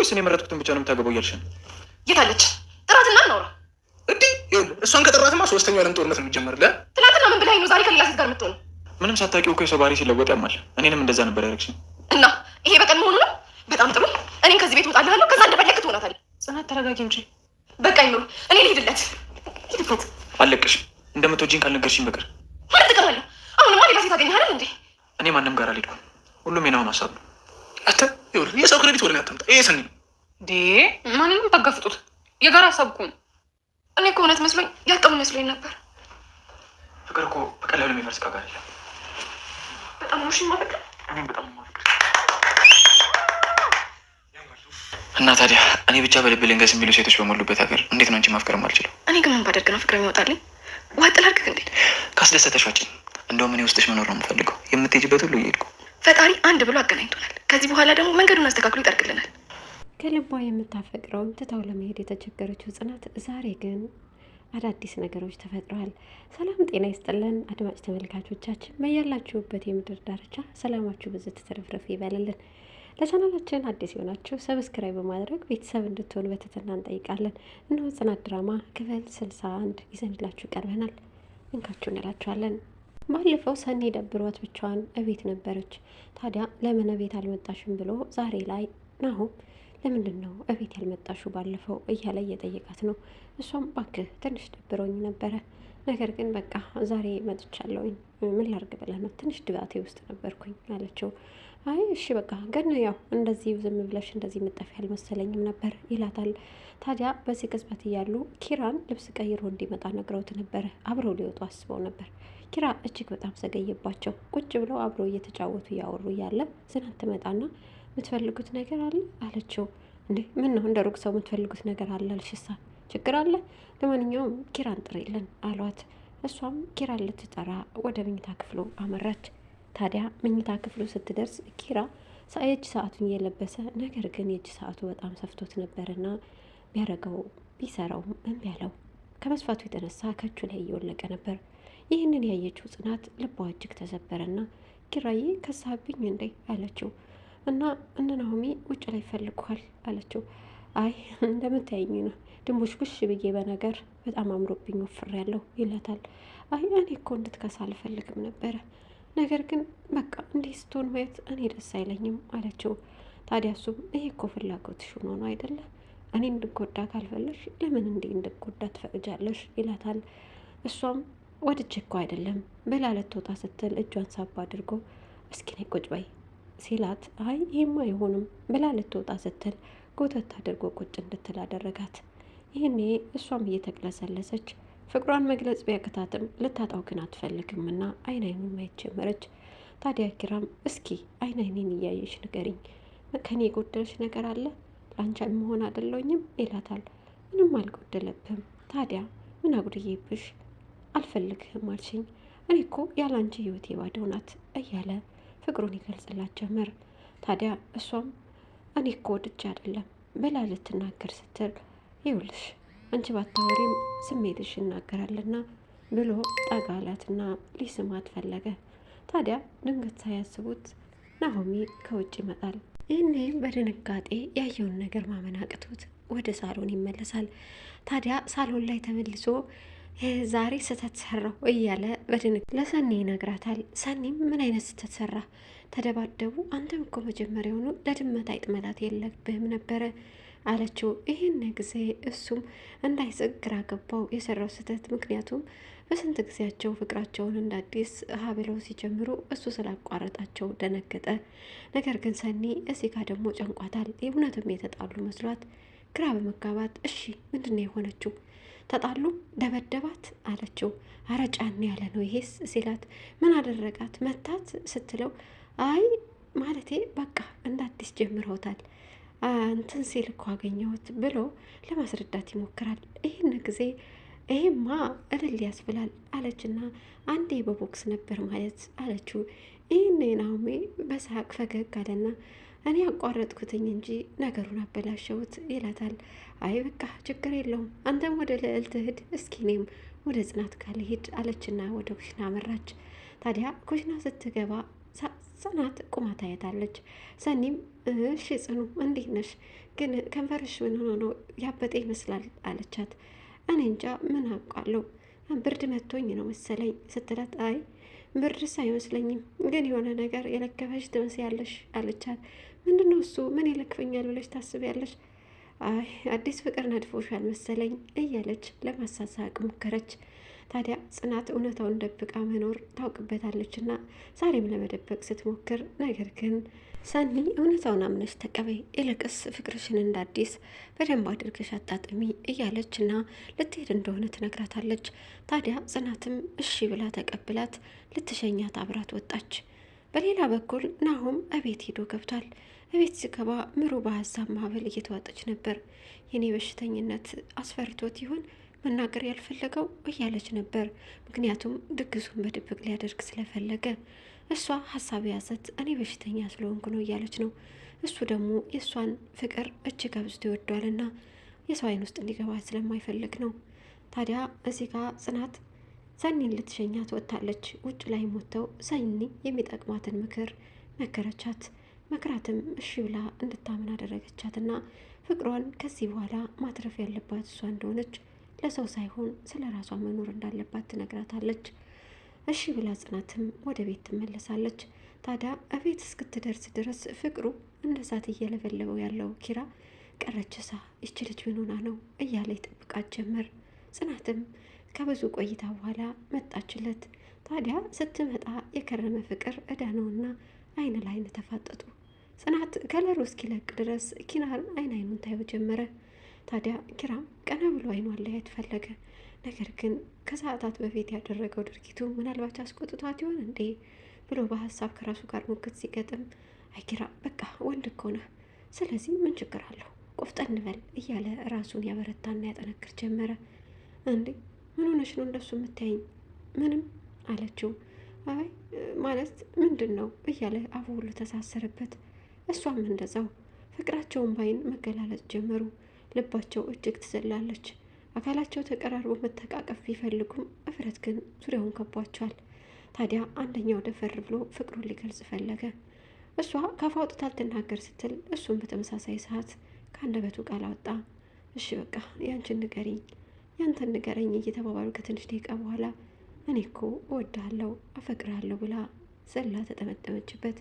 ወይስ እኔ የመረጥኩትን ብቻ ነው የምታገባው እያልሽ ነው? የታለች ጥራትና እናውራ እንዴ? እሷን ከጥራትማ ሶስተኛው ዓለም ጦርነት ነው የሚጀመርልህ። ትናንትና ምን ብላኝ ነው ዛሬ ከሌላ ሴት ጋር የምትሆነው? ምንም ሳታውቂው እኮ የሰው ባህሪ ሲለወጥ ያማል። እኔንም እንደዛ ነበር ያደረግሽኝ። እና ይሄ በቀን መሆኑ ነው። በጣም ጥሩ። እኔም ከዚህ ቤት እወጣልሃለሁ። ከዛ እንደፈለክ ትሆናታለህ። ጽናት ተረጋጊ እንጂ በቃ ይኑሩ። እኔ ልሄድለት። ሂድበት። አለቅሽ እንደምትወጂኝ ካልነገርሽኝ በቀር ማለት ጥቅም አለው? አሁንማ ሌላ ሴት አገኘሃል እንዴ? እኔ ማንም ጋር አልሄድኩም። ሁሉም የናሁን ሀሳብ ነው። አንተ ይኸውልህ የሰው ክሬዲት ወደ እኔ አታምጣ። ይሄ ሰኒ ዴ ማንንም ታጋፍጡት የጋራ ሰብኩ እኔ እኮ እውነት መስሎኝ ያጣው መስሎኝ ነበር። ፍቅር እኮ በቀላሉ የሚፈርስ ጋር አይደለም። በጣም ሽ ማፈቅር በጣም ማፈቅር እና ታዲያ እኔ ብቻ በልብ ልንገስ የሚሉ ሴቶች በሞሉበት ሀገር እንዴት ነው አንቺ ማፍቀር አልችለው? እኔ ግን ምን ባደርግ ነው ፍቅር የሚወጣልኝ? ዋጥላርክ እንዴ ካስደሰተሽ ዋጭኝ። እንደውም እኔ ውስጥሽ መኖር ነው የምፈልገው። የምትሄጂበት ሁሉ እየሄድኩ ፈጣሪ አንድ ብሎ አገናኝቶናል። ከዚህ በኋላ ደግሞ መንገዱን አስተካክሎ ይጠርግልናል። ከልቧ የምታፈቅረውን ትታው ለመሄድ የተቸገረችው ጽናት ዛሬ ግን አዳዲስ ነገሮች ተፈጥረዋል። ሰላም ጤና ይስጥልን አድማጭ ተመልካቾቻችን፣ በያላችሁበት የምድር ዳርቻ ሰላማችሁ ብዙ ትትርፍርፍ ይበልልን። ለቻናላችን አዲስ የሆናችሁ ሰብስክራይብ በማድረግ ቤተሰብ እንድትሆኑ በትህትና እንጠይቃለን። እነሆ ጽናት ድራማ ክፍል ስልሳ አንድ ይዘንላችሁ ቀርበናል። እንካችሁ እንላችኋለን። ባለፈው ሰኔ ደብሯት ብቻዋን እቤት ነበረች። ታዲያ ለምን እቤት አልመጣሽም ብሎ ዛሬ ላይ ናሆም ለምንድን ነው እቤት ያልመጣሹ ባለፈው እያለ እየጠየቃት ነው። እሷም ባክህ ትንሽ ደብሮኝ ነበረ፣ ነገር ግን በቃ ዛሬ መጥቻለሁኝ ምን ላርግ ብለህ ነው ትንሽ ድባቴ ውስጥ ነበርኩኝ አለችው። አይ እሺ በቃ ግን ያው እንደዚህ ዝም ብለሽ እንደዚህ መጠፊ አልመሰለኝም ነበር ይላታል። ታዲያ በዚህ ቅጽበት እያሉ ኪራን ልብስ ቀይሮ እንዲመጣ ነግረውት ነበረ። አብረው ሊወጡ አስበው ነበር ኪራ እጅግ በጣም ዘገየባቸው። ቁጭ ብለው አብረው እየተጫወቱ እያወሩ እያለ ዝናብ ትመጣና የምትፈልጉት ነገር አለ አለችው። እንዴ ምን ነው እንደ ሩቅ ሰው የምትፈልጉት ነገር አለ አልሽሳ ችግር አለ? ለማንኛውም ኪራን ጥሪልን አሏት። እሷም ኪራን ልትጠራ ወደ መኝታ ክፍሉ አመራች። ታዲያ መኝታ ክፍሉ ስትደርስ ኪራ የእጅ ሰዓቱን እየለበሰ ነገር ግን የእጅ ሰዓቱ በጣም ሰፍቶት ነበርና ቢያረገው ቢሰራውም እምቢ አለው። ከመስፋቱ የተነሳ ከእጁ ላይ እየወለቀ ነበር። ይህንን ያየችው ጽናት ልቧ እጅግ ተሰበረና ኪራዬ ከሳብኝ እንዴ አለችው። እና እነ ውጭ ላይ ፈልጓል አለችው። አይ እንደምታየኝ ነው ድንቦሽቡሽ ብዬ በነገር በጣም አምሮብኝ ያለው ይላታል። አይ እኔ እኮ እንድትከሳ አልፈልግም ነበረ ነገር ግን በቃ እንዲህ ስትሆን ማየት እኔ ደስ አይለኝም አለችው። ታዲያ እሱም ይሄ እኮ ፍላጎትሽ ሆኖ ነው አይደለ? እኔ እንድጎዳ ካልፈለሽ ለምን እንዲህ እንድጎዳ ትፈቅጃለሽ? ይላታል። እሷም ወድጄ እኮ አይደለም ብላ ልትወጣ ስትል እጇን ሳባ አድርጎ እስኪ ነይ ቁጭ በይ ሲላት አይ ይሄማ አይሆንም ብላ ልትወጣ ስትል ጎተት አድርጎ ቁጭ እንድትል አደረጋት። ይህኔ እሷም እየተቅለሰለሰች ፍቅሯን መግለጽ ቢያቅታትም ልታጣው ግን አትፈልግም እና አይን አይኑን ማየት ጀመረች። ታዲያ ኪራም እስኪ አይን አይኔን እያየሽ ንገሪኝ፣ ከኔ የጎደለሽ ነገር አለ ለአንቺ መሆን አደለውኝም ይላታል። ምንም አልጎደለብም ታዲያ ምን አጉድዬብሽ አልፈልግህም አልሽኝ፣ እኔ እኮ ያለ አንቺ ህይወቴ ባዶ ናት እያለ ፍቅሩን ይገልጽላት ጀመር። ታዲያ እሷም እኔ እኮ ወድጄ አይደለም ብላ ልትናገር ስትል ይውልሽ አንቺ ባታወሪም ስሜትሽ ይናገራልና ብሎ ጠጋላትና ሊስማት ፈለገ። ታዲያ ድንገት ሳያስቡት ናሆሚ ከውጭ ይመጣል። ይህኔ በድንጋጤ ያየውን ነገር ማመን አቅቶት ወደ ሳሎን ይመለሳል። ታዲያ ሳሎን ላይ ተመልሶ ዛሬ ስህተት ሰራሁ እያለ በድንግ ለሰኒ ይነግራታል። ሰኒም ምን አይነት ስህተት ሰራ? ተደባደቡ። አንተም እኮ መጀመሪያውኑ ለድመት አይጥ መላት የለብህም ነበረ አለችው። ይህን ጊዜ እሱም እንዳይስቅ ግራ የሰራው ስህተት። ምክንያቱም በስንት ጊዜያቸው ፍቅራቸውን እንደ አዲስ ሀብለው ሲጀምሩ እሱ ስላቋረጣቸው ደነገጠ። ነገር ግን ሰኒ እዚህ ጋር ደግሞ ጨንቋታል። የእውነትም የተጣሉ መስሏት ግራ በመጋባት እሺ ምንድን ነው የሆነችው ተጣሉ፣ ደበደባት አለችው። አረ ጫን ያለ ነው ይሄስ ሲላት ምን አደረጋት መታት ስትለው አይ ማለቴ በቃ እንደ አዲስ ጀምረውታል እንትን ሲል እኮ አገኘሁት ብሎ ለማስረዳት ይሞክራል። ይህን ጊዜ ይሄማ እልል ያስብላል አለችና አንዴ በቦክስ ነበር ማለት አለችው። ይህን ናሆሜ በሳቅ ፈገግ አለና እኔ አቋረጥኩትኝ እንጂ ነገሩን አበላሸውት ይላታል። አይ በቃ ችግር የለውም አንተም ወደ ልዕልት ሂድ፣ እስኪ እኔም ወደ ጽናት ጋር ልሂድ አለችና ወደ ኩሽና አመራች። ታዲያ ኩሽና ስትገባ ጽናት ቁማ ታየታለች። ሰኒም እሺ ጽኑ እንዴት ነሽ? ግን ከንፈርሽ ምን ሆኖ ነው ያበጠ ይመስላል አለቻት። እኔ እንጃ ምን አውቃለሁ ብርድ መቶኝ ነው መሰለኝ ስትላት፣ አይ ብርድስ አይመስለኝም፣ ግን የሆነ ነገር የለከፈሽ ትመስያለሽ አለቻት። ምንድነው እሱ ምን ይለክፈኛል ብለሽ ታስቢያለሽ? አይ አዲስ ፍቅር ነድፎሻል መሰለኝ እያለች ለማሳሳቅ ሞከረች። ታዲያ ጽናት እውነታውን ደብቃ መኖር ታውቅበታለች እና ዛሬም ለመደበቅ ስትሞክር፣ ነገር ግን ሰኒ እውነታውን አምነሽ ተቀበይ፣ ይልቅስ ፍቅርሽን እንደ አዲስ በደንብ አድርገሽ አጣጥሚ እያለች እና ልትሄድ እንደሆነ ትነግራታለች። ታዲያ ጽናትም እሺ ብላ ተቀብላት ልትሸኛት አብራት ወጣች። በሌላ በኩል ናሆም እቤት ሄዶ ገብቷል። እቤት ሲገባ ምሩ በሀሳብ ማዕበል እየተዋጠች ነበር። የኔ በሽተኝነት አስፈርቶት ይሆን መናገር ያልፈለገው እያለች ነበር። ምክንያቱም ድግሱን በድብቅ ሊያደርግ ስለፈለገ እሷ ሀሳብ የያዘት እኔ በሽተኛ ስለሆንኩ ነው እያለች ነው። እሱ ደግሞ የእሷን ፍቅር እጅግ አብዝቶ ይወደዋልና የሰው አይን ውስጥ እንዲገባ ስለማይፈልግ ነው። ታዲያ እዚህ ጋር ጽናት ሰኒን ልትሸኛት ወጥታለች። ውጭ ላይ ሞተው ሰኒ የሚጠቅማትን ምክር መከረቻት። መክራትም እሺ ብላ እንድታምን አደረገቻትና ፍቅሯን ከዚህ በኋላ ማትረፍ ያለባት እሷ እንደሆነች ለሰው ሳይሆን ስለ ራሷ መኖር እንዳለባት ትነግራታለች። እሺ ብላ ጽናትም ወደ ቤት ትመለሳለች። ታዲያ እቤት እስክትደርስ ድረስ ፍቅሩ እንደ እሳት እየለበለበው ያለው ኪራ ቀረችሳ ይች ልጅ ምን ሆና ነው እያለ ይጠብቃት ጀመር። ጽናትም ከብዙ ቆይታ በኋላ መጣችለት። ታዲያ ስትመጣ የከረመ ፍቅር እዳ ነውና አይን ላይን ተፋጠጡ። ጽናት ከለሩ እስኪለቅ ድረስ ኪናር አይን አይኑን ታየው ጀመረ። ታዲያ ኪራም ቀነ ብሎ አይኗን ለያየት ፈለገ። ነገር ግን ከሰዓታት በፊት ያደረገው ድርጊቱ ምናልባት አስቆጥቷት ይሆን እንዴ ብሎ በሀሳብ ከራሱ ጋር ሙግት ሲገጥም፣ አይ ኪራ በቃ ወንድ እኮ ነህ፣ ስለዚህ ምን ችግር አለው ቆፍጠን በል እያለ ራሱን ያበረታና ያጠነክር ጀመረ። እንዴ ምን ሆነሽ ነው እንደሱ የምታይኝ? ምንም አለችው። አይ ማለት ምንድን ነው እያለ አፉ ሁሉ ተሳሰረበት። እሷም እንደዛው ፍቅራቸውን ባይን መገላለጽ ጀመሩ። ልባቸው እጅግ ትዘላለች። አካላቸው ተቀራርቦ መተቃቀፍ ቢፈልጉም እፍረት ግን ዙሪያውን ከቧቸዋል። ታዲያ አንደኛው ደፈር ብሎ ፍቅሩን ሊገልጽ ፈለገ። እሷ ካፏ አውጥታ ልትናገር ስትል እሱም በተመሳሳይ ሰዓት ከአንደበቱ ቃል አወጣ። እሺ በቃ ያንቺን ንገሪኝ ያንተን ንገረኝ እየተባባሉ ከትንሽ ደቂቃ በኋላ እኔ እኮ እወድሃለሁ አፈቅርሃለሁ ብላ ዘላ ተጠመጠመችበት።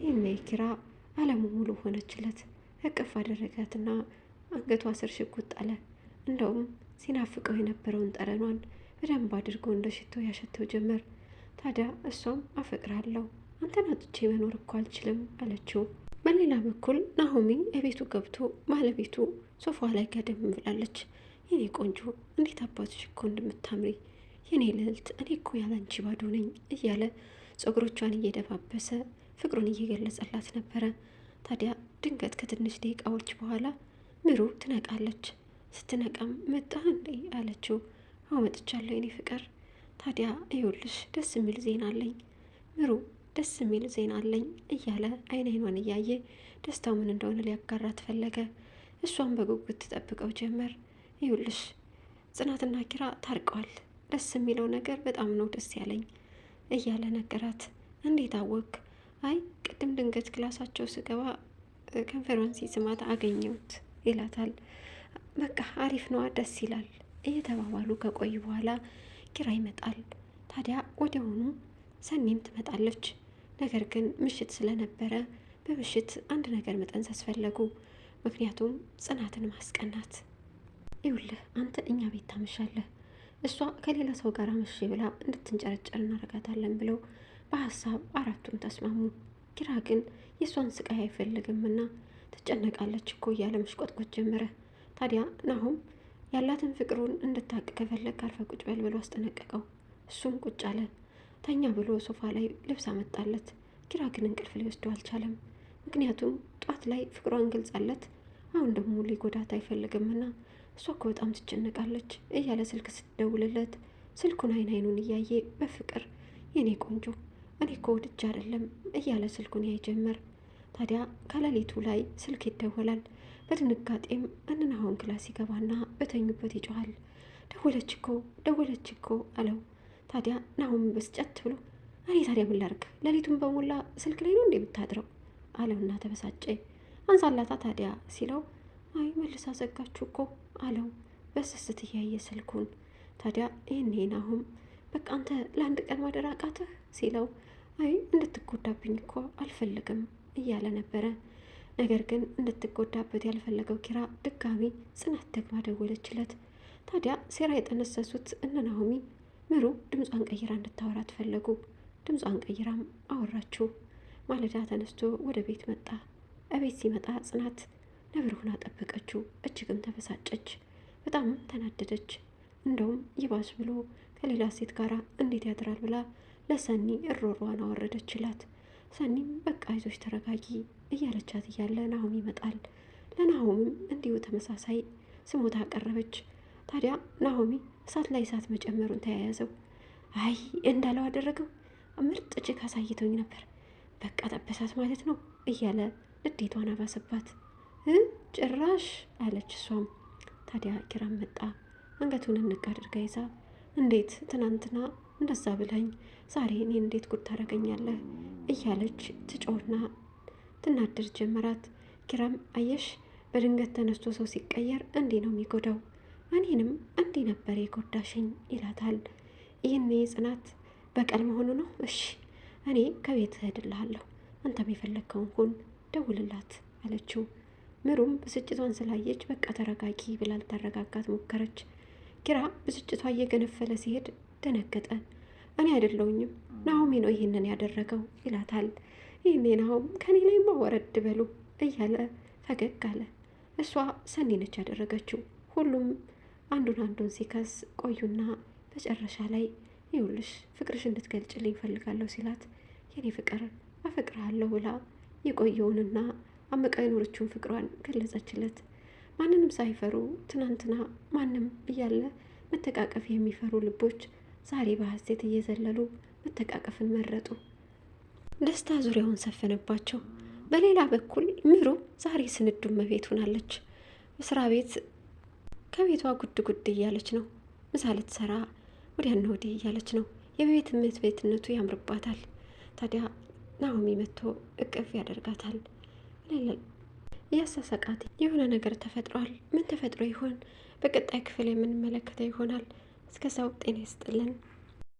ይህና ኪራ አለሙ ሙሉ ሆነችለት። እቅፍ አደረጋትና አንገቷ ስር ሽጉጥ አለ። እንደውም ሲናፍቀው የነበረውን ጠረኗን በደንብ አድርጎ እንደ ሽቶ ያሸተው ጀመር። ታዲያ እሷም አፈቅራለሁ አንተን አጥቼ መኖር እኮ አልችልም አለችው። በሌላ በኩል ናሆሚ የቤቱ ገብቶ ባለቤቱ ሶፋ ላይ ጋደም ብላለች። የኔ ቆንጆ እንዴት አባትሽ እኮ እንደምታምሪ የኔ ልዕልት፣ እኔ እኮ ያለንቺ ባዶ ነኝ እያለ ፀጉሮቿን እየደባበሰ ፍቅሩን እየገለጸላት ነበረ። ታዲያ ድንገት ከትንሽ ደቂቃዎች በኋላ ምሩ ትነቃለች። ስትነቃም መጣህ እንዴ አለችው። አዎ መጥቻለሁ የኔ ፍቅር። ታዲያ እዩልሽ ደስ የሚል ዜና አለኝ ምሩ፣ ደስ የሚል ዜና አለኝ እያለ አይን አይኗን እያየ ደስታው ምን እንደሆነ ሊያጋራት ፈለገ። እሷም በጉጉት ትጠብቀው ጀመር። ይሁልሽ ጽናትና ኪራ ታርቀዋል። ደስ የሚለው ነገር በጣም ነው ደስ ያለኝ እያለ ነገራት። እንዴት አወቅ? አይ ቅድም ድንገት ክላሳቸው ስገባ ኮንፈረንስ ስማት አገኘሁት ይላታል። በቃ አሪፍ ነዋ፣ ደስ ይላል እየተባባሉ ከቆዩ በኋላ ኪራ ይመጣል። ታዲያ ወዲያውኑ ሰኔም ትመጣለች። ነገር ግን ምሽት ስለነበረ በምሽት አንድ ነገር መጠንሰስ ፈለጉ። ምክንያቱም ጽናትን ማስቀናት ይኸውልህ አንተ እኛ ቤት ታመሻለህ፣ እሷ ከሌላ ሰው ጋር አመሺ ብላ እንድትንጨረጨር እናደርጋታለን ብለው በሀሳብ አራቱም ተስማሙ። ኪራ ግን የእሷን ስቃይ አይፈልግምና ትጨነቃለች እኮ እያለ መሽቆጥቆጥ ጀመረ። ታዲያ ናሁም ያላትን ፍቅሩን እንድታቅ ከፈለግ አርፈ ቁጭ በል ብሎ አስጠነቀቀው። እሱም ቁጭ አለ። ተኛ ብሎ ሶፋ ላይ ልብስ አመጣለት። ኪራ ግን እንቅልፍ ሊወስደው አልቻለም። ምክንያቱም ጧት ላይ ፍቅሯን ገልጻለት አሁን ደግሞ ሊጎዳት አይፈልግምና እሷ እኮ በጣም ትጨነቃለች እያለ ስልክ ስትደውልለት ስልኩን አይን አይኑን እያየ በፍቅር የኔ ቆንጆ እኔ እኮ ወድጄ አይደለም እያለ ስልኩን ያይ ጀመር። ታዲያ ከሌሊቱ ላይ ስልክ ይደወላል። በድንጋጤም አሁን ክላስ ይገባና በተኙበት ይጮኋል። ደወለች እኮ ደወለች እኮ አለው። ታዲያ ናሁን በስጨት ብሎ እኔ ታዲያ ምን ላርግ? ሌሊቱን በሞላ ስልክ ላይ ነው እንዴ የምታድረው አለውና ተበሳጨ። አንሳላታ ታዲያ ሲለው አይ መልሳ ዘጋችሁ እኮ አለው በስስት እያየ ስልኩን። ታዲያ ይህን ይህን አሁን በቃ አንተ ለአንድ ቀን ማደር አቃተህ ሲለው አይ እንድትጎዳብኝ እኮ አልፈልግም እያለ ነበረ። ነገር ግን እንድትጎዳበት ያልፈለገው ኪራ ድጋሚ ጽናት ደግማ ደወለችለት። ታዲያ ሴራ የጠነሰሱት እነ ናሆሚ ምሩ ድምጿን ቀይራ እንድታወራ ትፈለጉ። ድምጿን ቀይራም አወራችው። ማለዳ ተነስቶ ወደ ቤት መጣ። እቤት ሲመጣ ጽናት ነብርሁን አጠበቀችው። እጅግም ተበሳጨች፣ በጣምም ተናደደች። እንደውም ይባስ ብሎ ከሌላ ሴት ጋር እንዴት ያድራል ብላ ለሰኒ እሮሯን አወረደችላት። ሰኒም በቃ አይዞች ተረጋጊ እያለቻት እያለ ናሁም ይመጣል። ለናሆምም እንዲሁ ተመሳሳይ ስሞታ አቀረበች። ታዲያ ናሆሚ እሳት ላይ እሳት መጨመሩን ተያያዘው። አይ እንዳለው አደረገው። ምርጥ ጭግ አሳይቶኝ ነበር፣ በቃ ጠበሳት ማለት ነው እያለ ንዴቷን አባሰባት። ጭራሽ አለች እሷም። ታዲያ ኪራም መጣ። አንገቱን እንቅ አድርጋ ይዛ እንዴት ትናንትና እንደዛ ብለኝ ዛሬ እኔ እንዴት ጉድ ታደርገኛለህ እያለች ትጮህና ትናድር ጀመራት። ኪራም አየሽ በድንገት ተነስቶ ሰው ሲቀየር እንዲህ ነው የሚጎዳው፣ እኔንም እንዲህ ነበር የጎዳሽኝ ይላታል። ይህኔ ጽናት በቀል መሆኑ ነው። እሺ እኔ ከቤት እሄድልሃለሁ፣ አንተም የፈለግከውን ሁን፣ ደውልላት አለችው። ምሩም ብስጭቷን ስላየች በቃ ተረጋጊ ብላ ልታረጋጋት ሞከረች። ኪራ ብስጭቷ እየገነፈለ ሲሄድ ደነገጠ። እኔ አይደለውኝም ናሆሚ ነው ይህንን ያደረገው ይላታል። ይህኔ ናሆም ከኔ ላይ ማወረድ በሉ እያለ ፈገግ አለ። እሷ ሰኔ ነች ያደረገችው። ሁሉም አንዱን አንዱን ሲከስ ቆዩና መጨረሻ ላይ ይውልሽ ፍቅርሽ እንድትገልጭልኝ ይፈልጋለሁ ሲላት የኔ ፍቅር አፈቅርሃለሁ ብላ የቆየውንና አምቃ የኖረችውን ፍቅሯን ገለጸችለት። ማንንም ሳይፈሩ ትናንትና ማንም እያለ መተቃቀፍ የሚፈሩ ልቦች ዛሬ በሐሴት እየዘለሉ መተቃቀፍን መረጡ። ደስታ ዙሪያውን ሰፈነባቸው። በሌላ በኩል ምሩ ዛሬ ስንዱ መቤት ሆናለች። መስሪያ ቤት ከቤቷ ጉድ ጉድ እያለች ነው። ምሳ ልትሰራ ወዲያና ወዲህ እያለች ነው። የቤት እመቤትነቱ ያምርባታል። ታዲያ ናሆሚ መጥቶ እቅፍ ያደርጋታል። ሌለኝ እያሳሰቃት የሆነ ነገር ተፈጥሯል። ምን ተፈጥሮ ይሆን? በቀጣይ ክፍል የምንመለከተው ይሆናል። እስከዛው ጤና ይስጥልን።